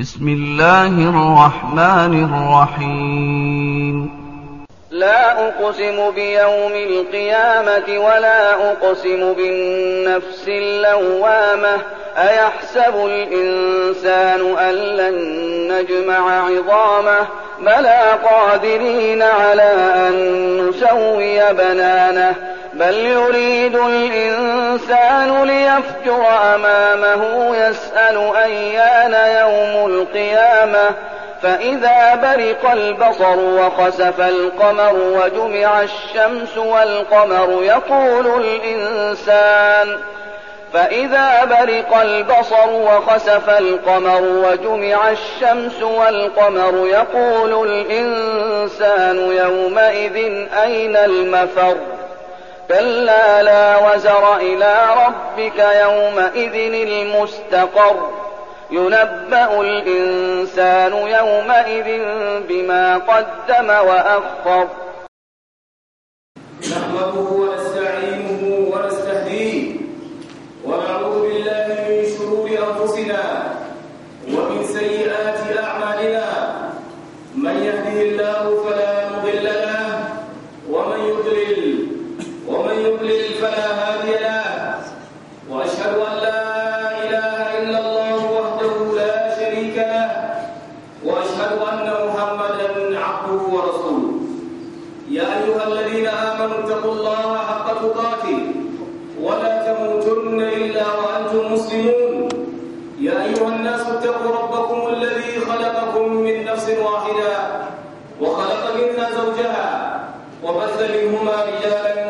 بسم الله الرحمن الرحيم لا أقسم بيوم القيامة ولا أقسم بالنفس اللوامة أيحسب الإنسان أن لن نجمع عظامه بلى قادرين على أن نسوي بنانه بل يريد الإنسان ليفجر أمامه يسأل أيان يوم القيامة فإذا برق البصر وخسف القمر وجمع الشمس والقمر يقول الإنسان فإذا برق البصر وخسف القمر وجمع الشمس والقمر يقول الإنسان يومئذ أين المفر كلا لا وزر إلى ربك يومئذ المستقر ينبأ الإنسان يومئذ بما قدم وأخر نحمده ونستعينه ونستهديه ونعوذ بالله من شرور أنفسنا ومن سيئات أعمالنا من يهده الله فلا مضل له ومن يضلل الذي خلقكم من نفس واحدة وخلق منها زوجها وبث منهما رجالا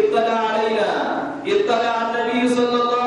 ഇത്തല അലൈന ഇത്തല അന്നബി സല്ലല്ലാഹു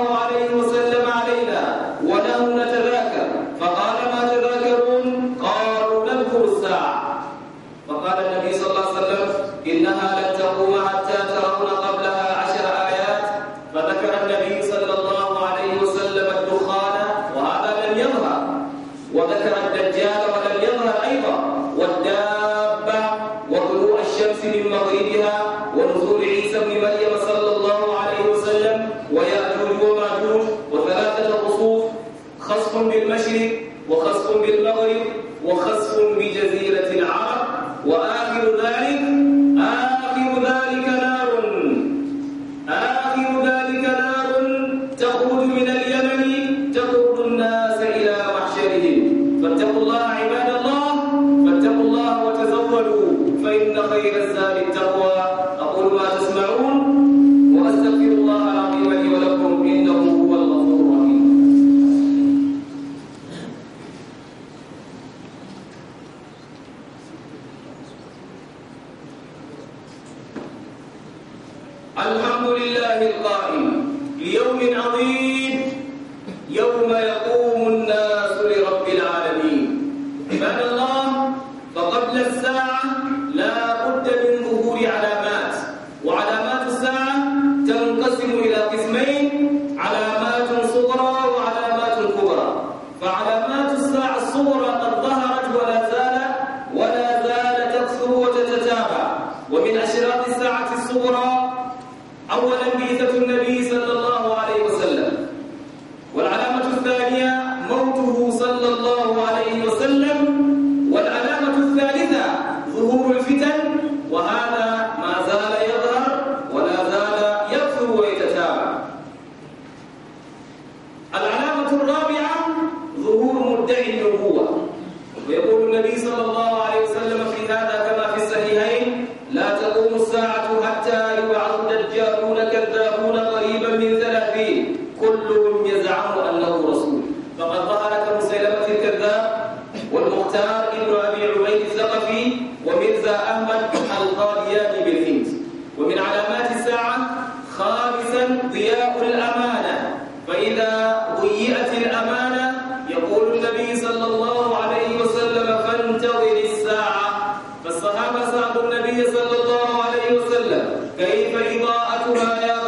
وسلم كيف إضاءتها يا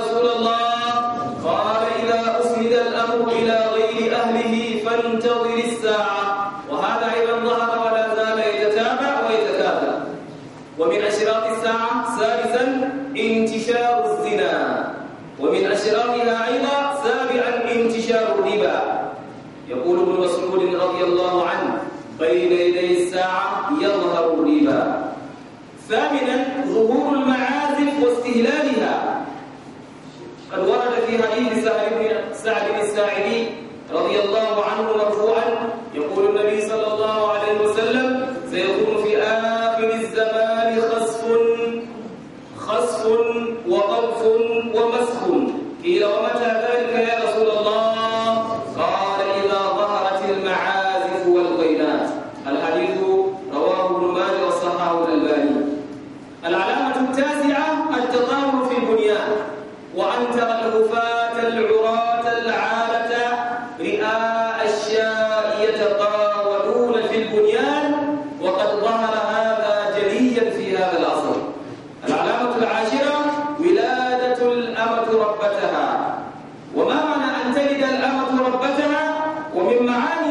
وإما أن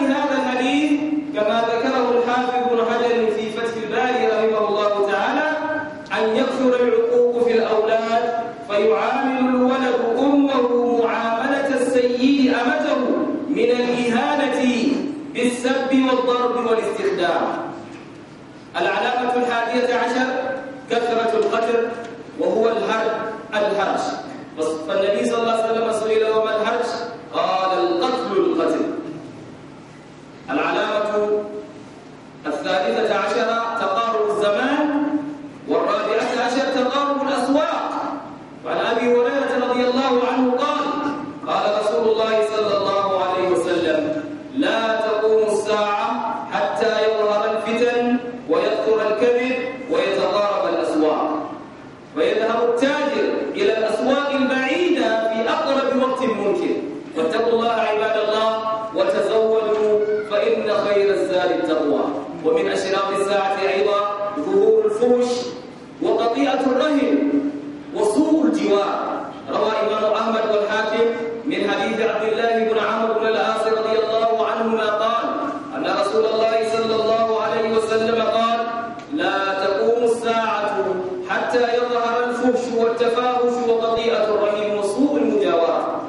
التفاحش وبطيئة الرهين وسوء المجاورة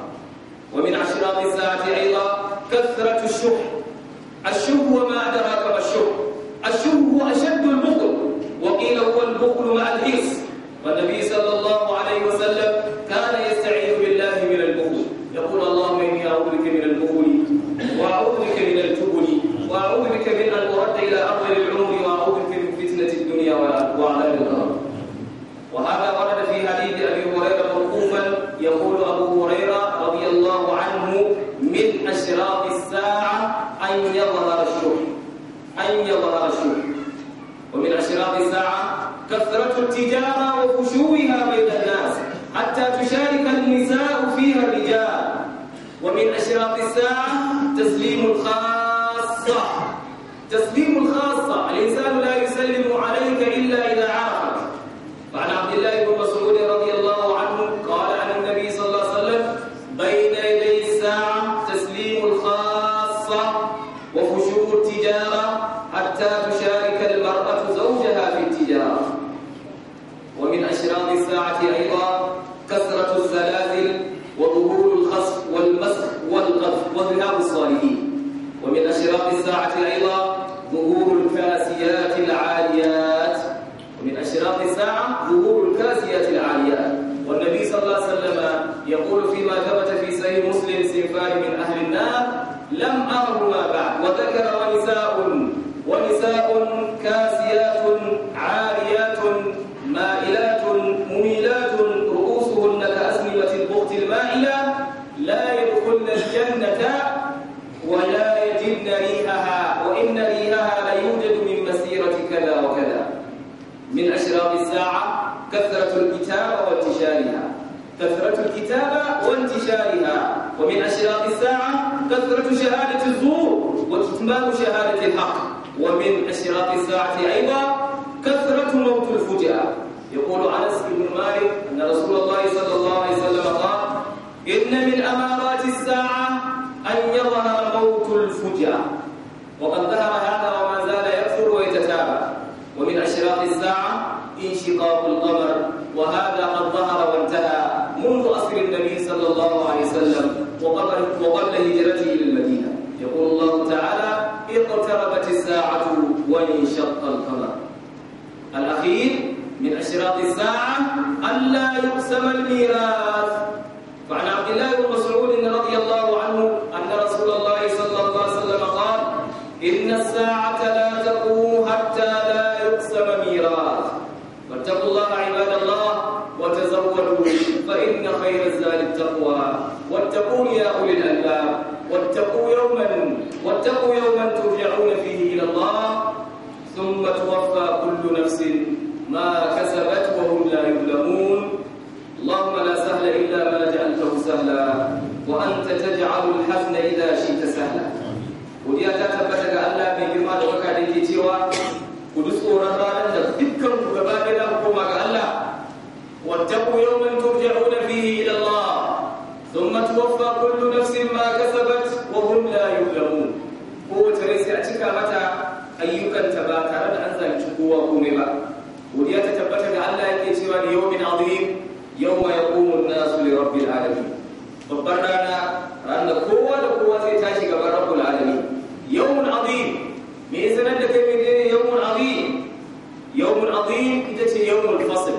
ومن أشراط الساعة أيضا كثرة الشح الشح وما أدراك وبرياض الصالحين ومن أشراق الساعة أيضا الأخير من أشراط الساعة ألا يقسم الميراث فعن عبد الله بن مسعود رضي الله عنه أن رسول الله صلى الله عليه وسلم قال إن الساعة لا تقوم حتى لا يقسم ميراث فاتقوا الله عباد الله وتزودوا فإن خير الزاد التقوى واتقون يا أولي الألباب واتقوا يوما واتقوا يوما ترجعون فيه إلى الله ثم توفى كل نفس ما كسبت وهم لا يظلمون اللهم لا سهل إلا ما جعلته سهلا وأنت تجعل الحزن إذا شئت سهلا ودي أتثبت الله من جمع دوكا ديكي تيوا كدس أوران رانا دكتكم كبابنا حكومة الله واتقوا يوما ترجعون فيه إلى الله ثم توفى كل نفس ما كسبت وهم لا يظلمون هو تريسي أتكا متى أيوكا تبا ترد أنزل شكوا كومي godiya ta tabbata da Allah yake cewa da yawmin azim yawma yaqumu an-nasu li rabbil alamin babbar rana ranar kowa da kowa zai tashi gaban rabbul alamin yawmun azim me yasa nan da kai menene yawmun azim yawmun azim ita ce yawmul fasl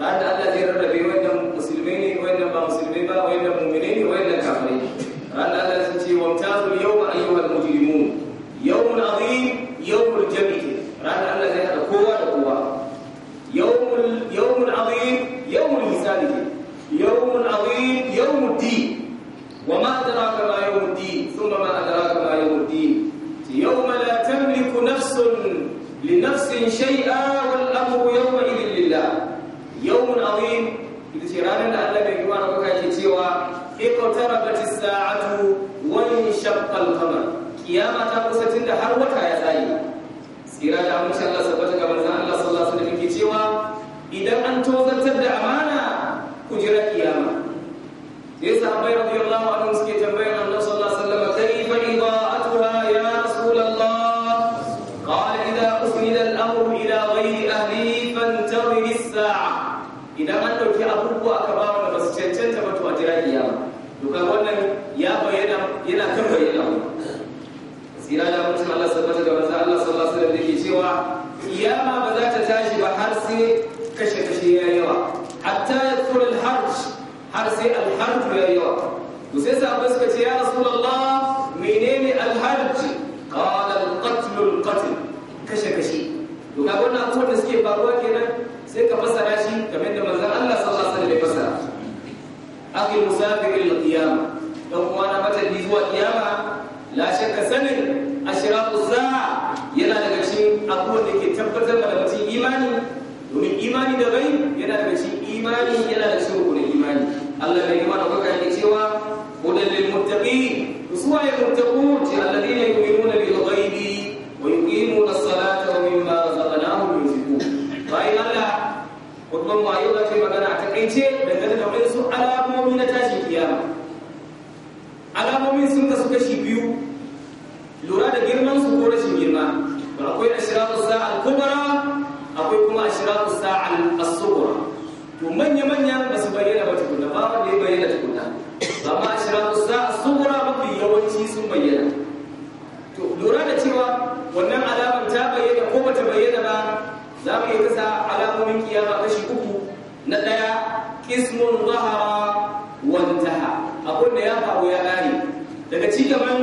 ranar da Allah zai rarrabe wannan musulmai ne wannan ba musulmai ba wannan faruwa kenan sai ka fasara shi game da manzan Allah sallallahu alaihi wasallam ya fassara akhi musafir lil qiyam dan kuma na mata bi zuwa qiyama la shakka sanin ashraqu sa'a yana daga cikin abubuwan da ke tabbatar da mutum imani domin imani da bai yana daga cikin imani yana da cikin rukunin imani Allah bai mana kuka yake cewa hudal lil muttaqin suwaye muttaqun alladhina yu'minuna takaice dangane da wasu alamomi na tashin kiyama alamomin sun kasu kashi biyu ko ya kare daga cikin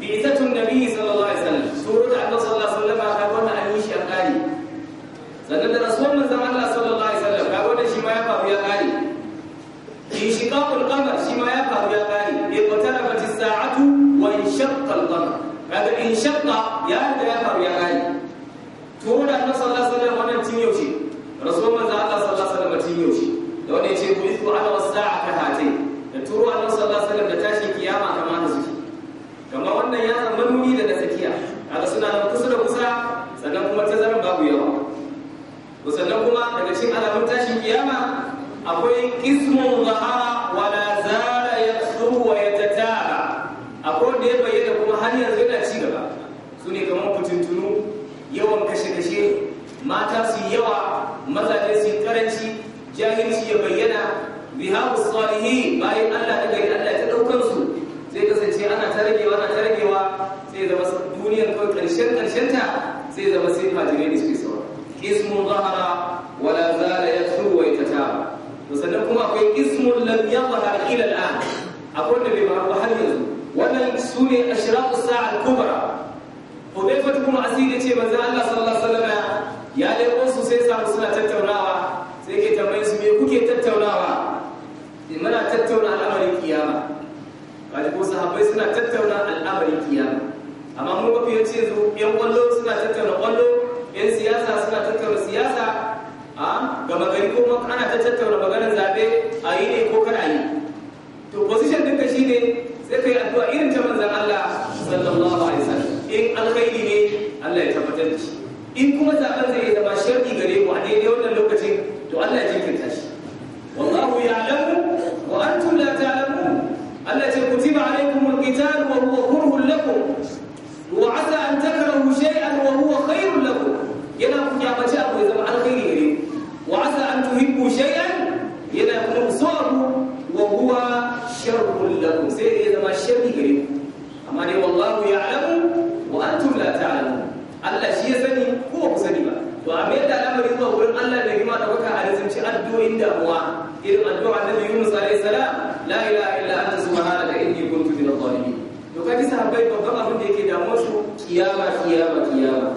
bizatun nabi sallallahu alaihi wasallam sura da Allah sallallahu alaihi wasallam ta wannan an yi shi an sannan da rasulun manzon Allah sallallahu alaihi wasallam ka wannan shi ma ya faru ya kare inshiqaqul qamar shi ma ya faru ya kare iqtarabat as-sa'atu wa inshaqqa al-qamar kaga inshaqqa ya da ya faru ya kare to da Allah sallallahu alaihi wasallam wannan tin yaushe rasulun manzon Allah sallallahu alaihi wasallam tin yaushe da wanda yace ku izu ala was-sa'a ka da turo a nan sallah da tashin kiyama kama da suke kama wannan ya zama nuni da na tsakiya kaga suna nan kusa da kusa sannan kuma tazaran babu yawa sannan kuma daga cikin alamun tashin kiyama akwai ismun zahara wala zala yasru wa yatataba akwai wanda ya bayyana kuma har yanzu yana ci gaba su ne kamar fitintunu yawan kashe-kashe mata su yi nauyi bayan Allah da gari Allah ya ta daukar su zai kasance ana ta ragewa ana ta ragewa sai zama duniyar kawai karshen karshen ta sai zama sai fajirai da suke saura ismun zahara wala zala yakhru wa yatataba to sannan kuma akwai ismun lam yadhhar ila al'an a da bai ba har yanzu wannan sune ashraqu sa'a ko bai Hudayfa kuma asiri ce manzo Allah sallallahu alaihi wasallam ya dai su sai samu suna tattaunawa suna tattauna al'amarin kiyama kaji ko sahabbai suna tattauna al'amarin kiyama amma mun mafi yace yanzu yan kwallo suna tattauna kwallo yan siyasa suna tattauna siyasa a gama gari ko ana ta tattauna maganar zabe a yi ne ko kada yi to position ɗinka ne, sai kai addu'a irin ta manzan Allah sallallahu alaihi wasallam in alkhairi ne Allah ya tabbatar da shi in kuma zaben zai zama sharri gare mu a daidai wannan lokacin to Allah ya jinkirta shi wallahu ya'lam وهو كره لكم وعسى أن تكرهوا شيئا وهو خير لكم yana ku kyamace abu ya zama alkhairi gare wa asa an tuhibbu shay'an yana kuma so wa huwa sharrun lakum sai ya zama sharri gare amma dai wallahu ya'lamu wa antum la ta'lamun Allah shi ya sani ko ku sani ba to amma yadda al'amari zuwa wurin Allah da girma da baka a rizanci addu'o'in damuwa irin addu'a kiyama kiyama kiyama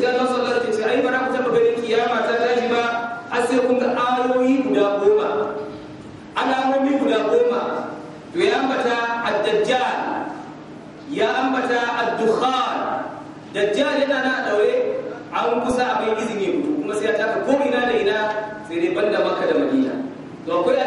sai Allah sallallahu alaihi wasallam ai ba ku taba ganin kiyama ta tashi ba har sai kun ga ayoyi guda goma alamomi guda goma to ya ambata ad-dajjal ya ambata ad-dukhan dajjal yana na dawe an kusa a izini kuma sai ya taka ko ina da ina sai dai banda makka da madina to akwai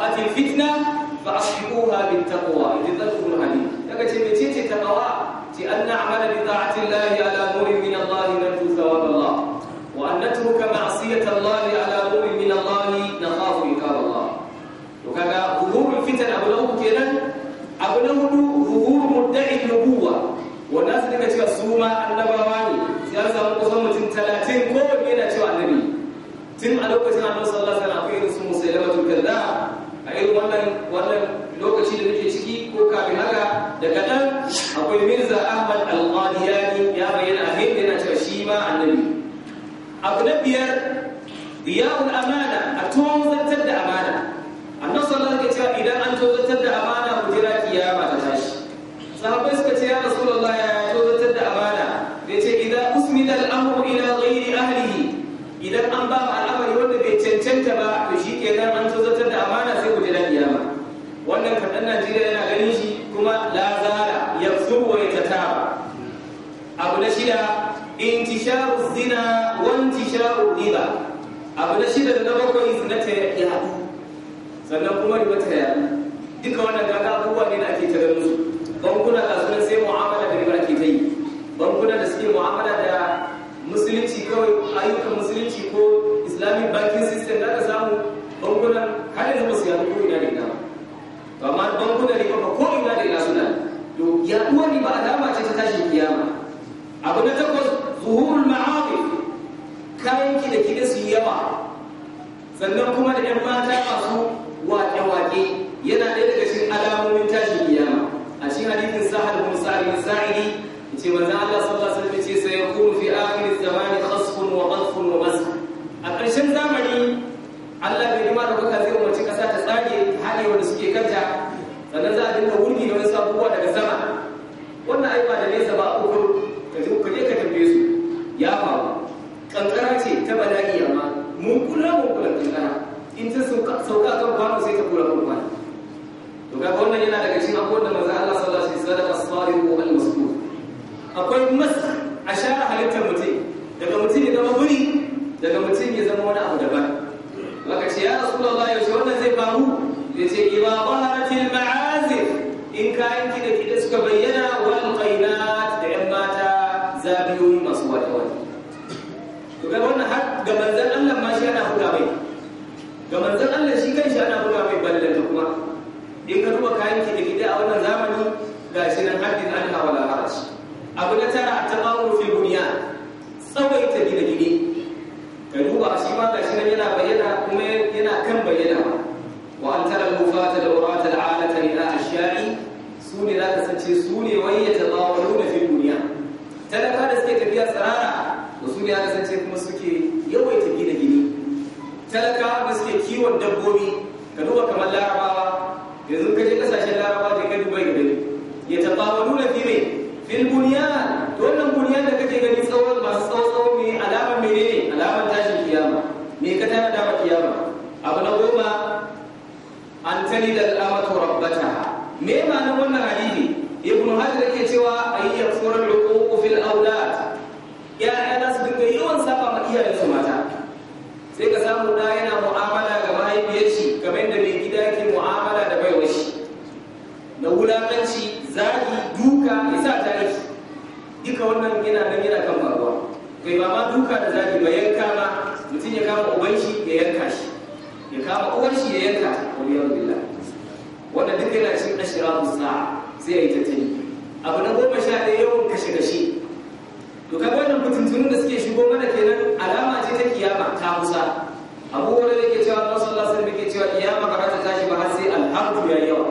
وقعت الفتنة فأصحبوها بالتقوى إذ ذكر الحديث لك تمتيت تقوى أن نعمل بطاعة الله على نور من الله نرجو ثواب الله وأن نترك معصية الله على نور من الله نخاف عقاب الله وكذا ظهور الفتن أبو له كينا أبو له ظهور مدعي النبوة والناس اللي كتير سوما النبواني سياسة مقصمة ثلاثين كل من أتوى النبي تم ألوكة عنه صلى الله عليه وسلم أخير اسمه سيلمة الكذاب irin wannan wannan lokaci da muke ciki ko kafin haka da kadan akwai mirza ahmad al-qadiyani ya bayyana a hindi yana cewa shi ma annabi abu na biyar diyawul amana a tozantar da amana annabi sallallahu alaihi wasallam idan an tozantar da amana ku jira kiyama ta tashi sahabbai suka ce ya rasulullah ya tozantar da amana ce idan usmida al-amru ila ghairi ahlihi idan an ba al'amari na shida intisharu zina wa intisharu riba abu na shida da na bakwai zina ta yadu sannan kuma riba ta yadu duka wannan ga abubuwa ne da ake ta ganin su bankuna kasuwan sai mu'amala da riba ke ta yi bankuna da suke mu'amala da musulunci kawai ayyukan musulunci ko islamic banking system da ka samu bankunan har yanzu ba su yadu ko ina da ina ba amma bankunan riba ba ko ina da ina suna to yaduwar riba alama ce ta tashin kiyama sannan kuma da 'yan mata masu sun kai shi ana buga mai ballanta kuma in ka duba kayan ki da gida a wannan zamani ga shi nan haddin an hawa laharaci abu na tara a taɓawar fi dunya buniya ta gida gine ka duba shi ma ga shi nan yana bayyana kuma yana kan bayyana wa an tara lufata da urata da alata ila ashiyai su ne za ka sace su ne wani ya taɓawaru na fi buniya talaka da suke tafiya tsirara da su ne za ka sace kuma suke yawaita talakawa da suke kiwon dabbobi ka duba kamar larabawa yanzu ka je kasashen larabawa ba ma duka da zaki ba yanka ba mutum ya kama uban shi ya yanka shi ya kama uban shi ya yanka wa ya bila wanda duk yana cikin ashira musa sai ya yi tattali abu na goma sha ɗaya yawan kashe kashe to kaga wannan mutuntunin da suke shigo mana kenan alama ce ta kiyama ta musa abu wani da ke cewa annabi sallallahu alaihi wasallam ke cewa kiyama ba ta tashi ba har sai alhamdu ya yawa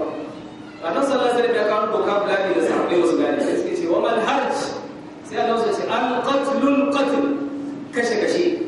annabi sallallahu alaihi wasallam ya kawo doka fulani da sahabbai wasu gani sai suke cewa mal harj sai alƙatlun ƙatil kashe-kashe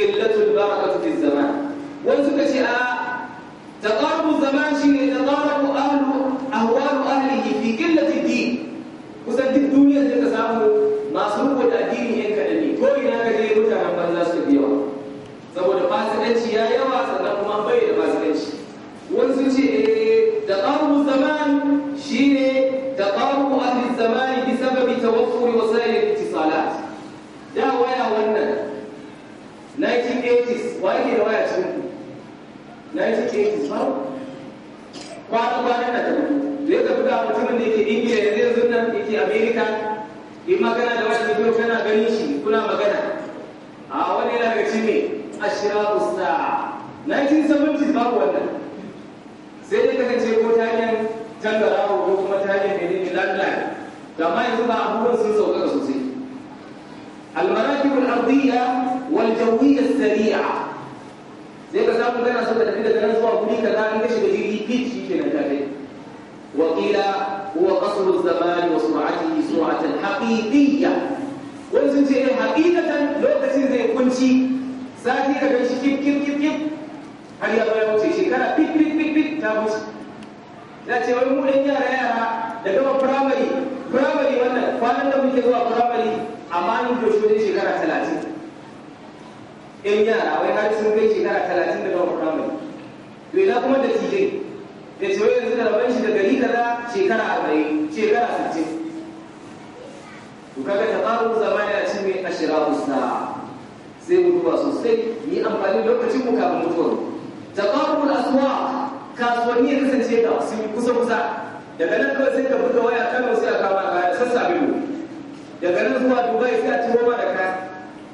qillatul barakatu fi zaman wani suka ce a taqarabu zaman shine taqarabu ahlu ahwalu ahlihi fi qillati din kusan duk duniyar da samu masu rubuta addini yan kadan ne ko ina ka je banza su biya saboda fasikanci ya yawa sannan kuma bai da fasikanci wani sun ce taqarabu zaman shine taqarabu ahli zamani bi sababi tawaffuri da waya wannan 1980s wa yake da waya cikin 1980s ba kwana kwana na ta da ya tafi da mutumin da yake indiya yanzu yanzu nan yake america in magana da wani bidiyo kana ganin shi kuna magana a wani yana ga ne ashira usta 1970s babu wannan sai dai kasance ko ta taken jangara ko kuma ta taken menene landline da ma yanzu ba abubuwan sun sauƙaƙa sosai almarakibul ardiyya والجوية السريعة زي ما سامو كان سوى تفيد كان سوى كوني كذا إن كش بيجي بيت شيء كنا كذا وقيل هو قصر الزمان وسرعته سرعة حقيقية وإن زي حقيقة لو كسر زي كنشي ساتي كذا شيء كيف كيف كيف كيف har ya bayan wuce shekara pik pik pik pik ta mutu za ce wai mu ɗan yara yara da gama firamare firamare wannan kwanan da muke zuwa firamare amma ni da shi shekara talatin yan yara wai har sun kai shekara talatin da gama firamare to ina kuma da tijai da ce yanzu da rabon shi da gari za shekara arba'in shekara sittin to kaga ta faru zama ya ci mai ashira usna sai mu duba sosai yi amfani lokacin mu kafin mutuwar ta ƙaru al'asuwa kasuwanni ya kasance da sun kusa kusa daga nan kawai sai ka buga waya kano sai a kama kaya sassafe mu daga nan zuwa dubai sai a ci goma da kaya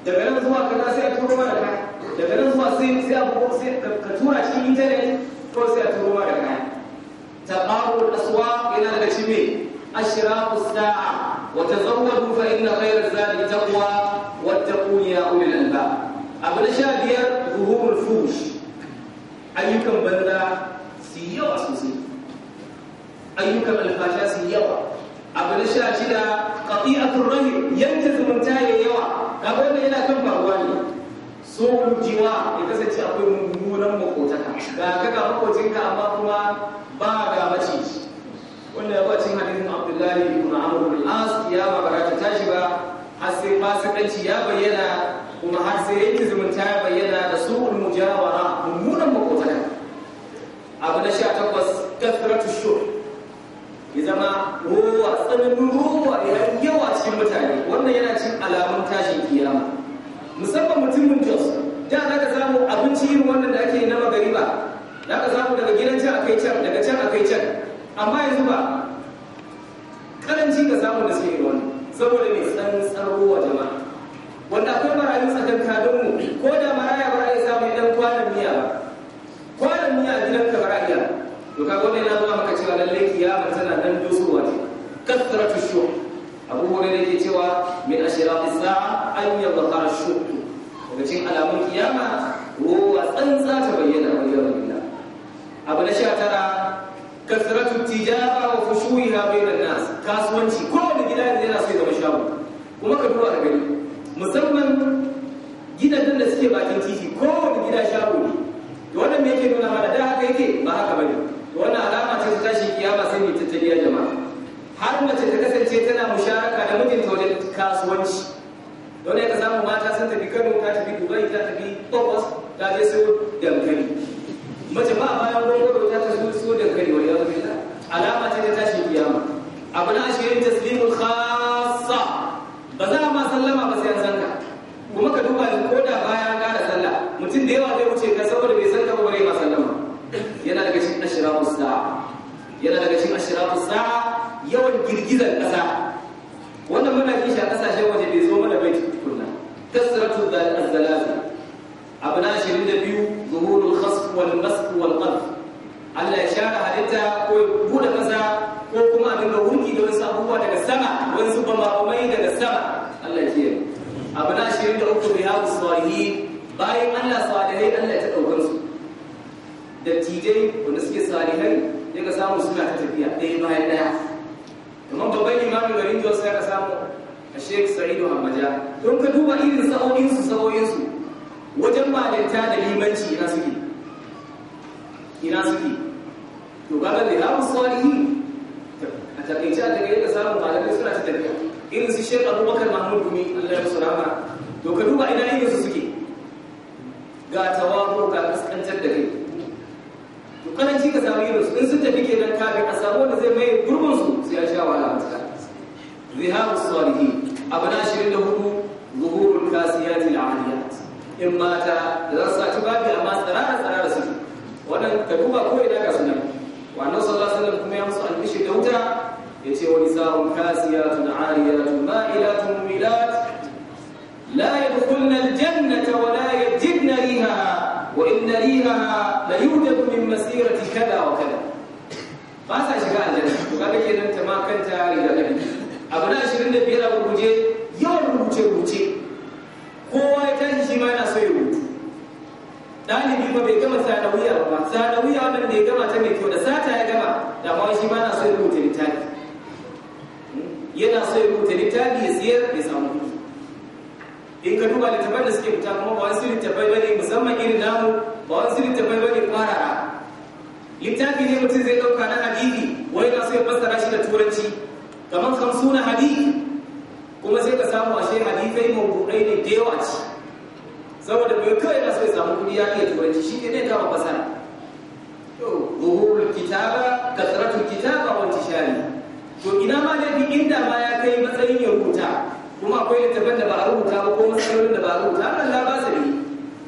daga nan zuwa kaza sai a turo ma da kaya daga nan zuwa sai sai abu sai ka tura cikin internet ko sai a turo ma da kaya taqarru aswa yana daga cikin me ashraqu sa'a wa tazawwadu fa inna khayra zadi taqwa wattaquni ya ulil albab abu na sha biyar zuhurul fush ayyukan banza su yawa sosai ayyukan alfasha su yawa abu na sha shida a rahim yanke zumunta ya yawa kaga wannan yana kan faruwa ne so jiwa ya kasance akwai mummunan makotaka ga ka ga makocinka amma kuma ba ga maciji wannan ya cin hadisin abdullahi ibn amr bin as ya ba bara ta tashi ba har sai fasikanci ya bayyana kuma har sai yanke zumunta ya bayyana da su'ul mujawara mummunan makotaka abu na sha takwas kasratu shur ya zama tsananin ruwa idan yawa cikin mutane wannan yana cin alamun tashin kiyama musamman mutumin jos da za ka samu abinci irin wannan da ake na magariba za ka samu daga gidan can akai can daga can akai can amma yanzu ba karanci ka samu da sai irin saboda mai tsantsar ruwa jama'a wanda akwai marayu kadonmu ko da maraya ba ya samu idan kwanan miya ba kwanan miya gidan ka ba iya to kaga wannan na zuwa maka cewa lallai kiyama tana nan dosowa ce kasratu shuh abu hurairah yake cewa min ashirati sa'a an yadhkara shuh daga cikin alamun kiyama ruwa tsantsa ta bayyana wa yawmillah abu na 19 kasratu tijara wa fushuha bainan nas kasuwanci kowane gida yana so ya zama shago kuma ka duba ka gani musamman gidajen da suke bakin titi kowane gida shago ne to wannan me yake nuna mana da haka yake ba haka bane to wannan alama ce ta tashi kiyama sai mu tattaliya jama'a har mace ta kasance tana musharaka da mijinta wajen kasuwanci don ya ka samu mata sun tafi kano ta tafi dubai ta tafi kwakwas ta je su dankali mace ba a bayan gwamnati ta tafi su dankali wani yawon alama ce ta tashi kiyama abu na ashirin ta والقاسيات العاليات in mata da za su saci babi amma tsirara su wannan ka duba ko ina ga sunan wannan sallallahu alaihi wasallam kuma ya musu albishi da wuta ya ce wani sa'un kasiyatun ariyatun ma'ilatun mumilat la yadkhulna aljannata wa la yajidna riha wa inna riha la yujadu min masirati kada wa kada ba sa shiga aljanna to kaga kenan ta ma kanta riga da abu na 25 a gurguje yawan rubuce-rubuce kowa ya tashi shi ma yana so ya hutu ɗalibi ba bai gama sadawiya ba sadawiya wannan da ya gama ta mai kyau da sata ya gama da ma shi ma yana so ya rubuta littafi hmm? yana so ya rubuta littafi ya siyar ya samu kuɗi in ka duba littafan da suke fita kuma ba wani wasu littafai bane musamman irin namu ba wani wasu littafai bane kwarara littafi ne mutum zai ɗauka na hadidi wai na so ya fassara shi da turanci kamar kamsu na hadidi kuma sai ka samu ashe hadisai mawdu'ai ne da yawa ci saboda bai kai na sai samu kudi ya ke turanci shi ne kama fasara to zuhurul kitaba kasratul kitaba wa intishari to ina ma da inda ma ya kai matsayin ya rubuta kuma akwai littafin da ba a rubuta ba ko matsalolin da ba a rubuta Allah ba su ne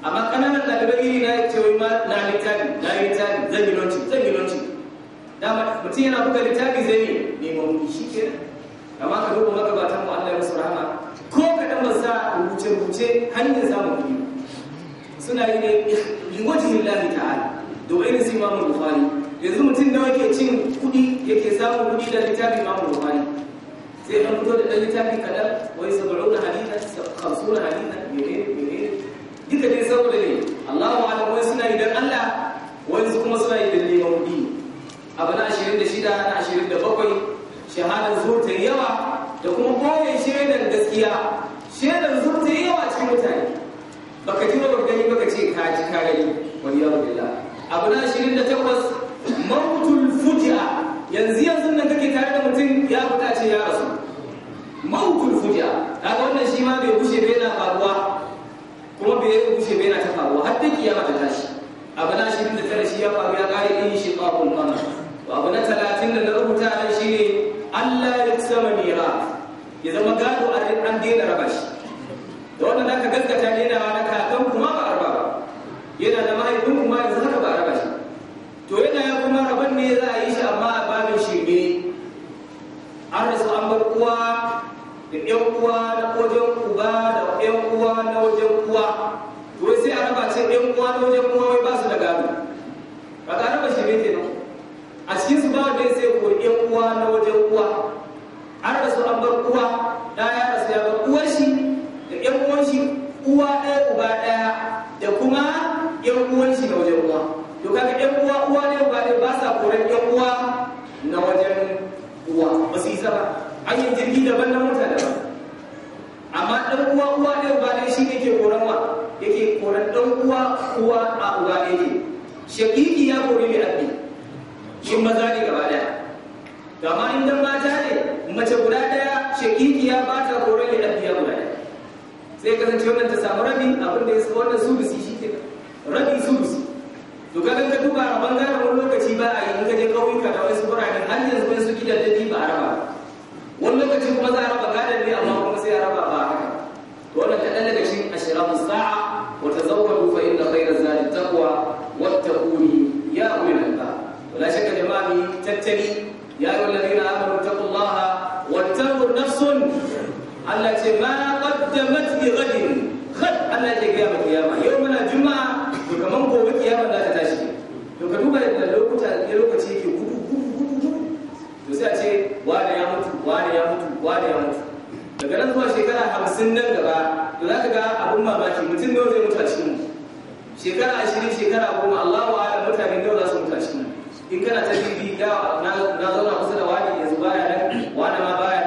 amma kananan ɗalibai iri na ce wai ma na littafi na littafi zan yi nonci zan yi nonci dama mutum yana buga littafi zai yi ne mamuki shi kenan amma ka duba magabatan mu Allah ya musu rahama ko kaɗan ba sa rubuce-rubuce hanyar zamu kuɗi suna yi ne liwajin lillahi ta'ala da wa irin su imamu bukhari yanzu mutum da yake cin kuɗi yake samun kuɗi da littafin imamu bukhari sai an fito da ɗan littafin kaɗan wai saba'un hadithan khamsun hadithan menene menene duka dai saboda ne Allahu a'lam wai suna yi dan Allah wai kuma suna yi dan neman kuɗi abu na 26 na 27 shahadar zuwa ta yawa da kuma koyar shaidar gaskiya shaidar zuwa ta yawa cikin mutane baka ji ba gani baka ce ka ji ka gani wani yawon billah abu na ashirin da takwas mautul fuji'a yanzu yanzu nan kake tare da mutum ya fita ce ya rasu mautul fuji'a kaga wannan shi ma bai bushe bai na faruwa kuma bai bushe bai na ta faruwa har da kiyama ta tashi abu na ashirin da tara shi ya faru ya kare in shi ƙwaƙon mana abu na talatin da na rubuta nan shi ne ya zama gado a an daina raba shi da wannan za ka gaskata ne yana wani kakan kuma ba a raba ba yana da mahaifin kuma ya haka ba a raba shi to yana ya kuma raban ne za a yi shi amma a babin shirme an rasu an bar uwa da ɗan uwa na wajen uba da ɗan uwa na wajen uwa to sai a raba ce ɗan uwa na wajen uwa wai ba su da gado ba ka raba shirme kenan a cikin su ba wanda sai ko ɗan uwa na wajen uwa an rasu an bar uwa da ya rasu ya bar uwar shi da ƴan uwan shi uwa ɗaya uba ɗaya da kuma ƴan uwan shi na wajen uwa to kaga ƴan uwa uwa ne uba ɗaya ba sa koran ƴan uwa na wajen uwa ba su yi sama an yi jirgi daban na mota daban amma ɗan uwa uwa ɗaya uba ɗaya shi ne ke koran wa yake koran ɗan uwa uwa a uba ɗaya ne shaƙiƙi ya kori mai abin shin maza ne gaba ɗaya to amma in dan mata ne mace guda daya shakikiya ba ta kore ne da biya guda sai kasance wannan ta samu rabi abin da ya su wannan shi ke rabi su bisi. to kaga ka duba a bangaren wani lokaci ba a yi in ka je kauyuka da wasu birane har yanzu wani su gidan da ba a raba wani lokaci kuma za a raba gadon ne amma kuma sai a raba ba haka to wannan kaɗan daga cikin ashiramu sa'a wa tazawwadu fa inna khayra zadi taqwa wattaquni ya ulil ba wala shakka jama'a tattali ya yi wallazina amanu taqullaha wattaqu nafsun Allah ce ma qaddamat li ghadin khad Allah ce kiyama kiyama yau muna juma'a to kaman gobe kiyama za ta tashi to ka duba da lokuta da lokaci yake gudu gudu to sai ce wani ya mutu wani ya mutu wani ya mutu daga nan zuwa shekara hamsin nan gaba to za ka ga abun mamaki mutum ne zai mutu a cikin shekara ashirin shekara Allahu mutane za su mutu a cikin in kana ta bibi da na zauna kusa da wani yanzu baya nan wani ma baya